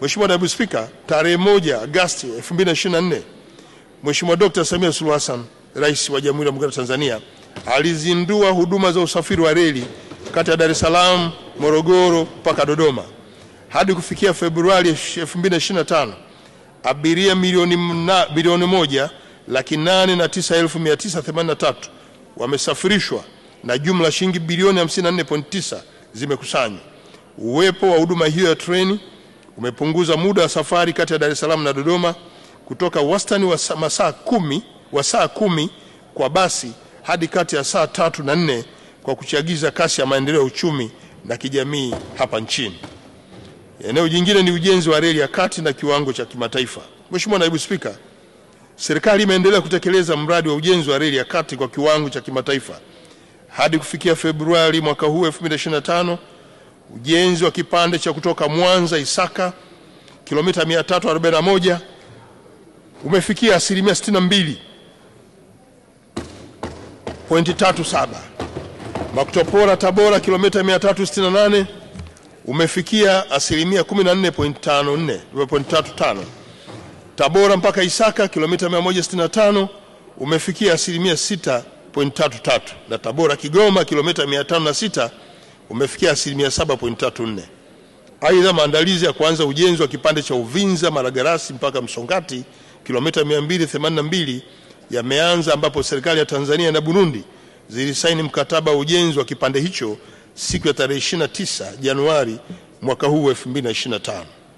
Mheshimiwa Naibu Spika, tarehe moja Agosti 2024 Mheshimiwa Dkt. Samia Suluhu Hassan, Rais wa Jamhuri ya Muungano wa Tanzania, alizindua huduma za usafiri wa reli kati ya Dar es Salaam, Morogoro mpaka Dodoma. Hadi kufikia Februari 2025 abiria milioni, mna, milioni moja laki nane na tisa elfu mia tisa themanini na tatu wamesafirishwa na jumla shilingi bilioni 54.9 zimekusanywa. Uwepo wa huduma hiyo ya treni umepunguza muda wa safari kati ya Dar es Salaam na Dodoma kutoka wastani wa masaa kumi, wa saa kumi kwa basi hadi kati ya saa tatu na nne kwa kuchagiza kasi ya maendeleo ya uchumi na kijamii hapa nchini. Eneo jingine ni ujenzi wa reli ya kati na kiwango cha kimataifa. Mheshimiwa Naibu Spika, serikali imeendelea kutekeleza mradi wa ujenzi wa reli ya kati kwa kiwango cha kimataifa hadi kufikia Februari mwaka huu ujenzi wa kipande cha kutoka Mwanza Isaka kilomita 341 umefikia asilimia 62.37. Makutopora Tabora kilomita 368 umefikia asilimia 14.54.35. Eh, Tabora mpaka Isaka kilomita 165 umefikia asilimia 6.33 na Tabora Kigoma kilomita 506 umefikia asilimia 7.34. Aidha, maandalizi ya kuanza ujenzi wa kipande cha Uvinza Malagarasi mpaka Msongati kilomita 282 yameanza, ambapo serikali ya Tanzania na Burundi zilisaini mkataba wa ujenzi wa kipande hicho siku ya tarehe 29 Januari mwaka huu 2025.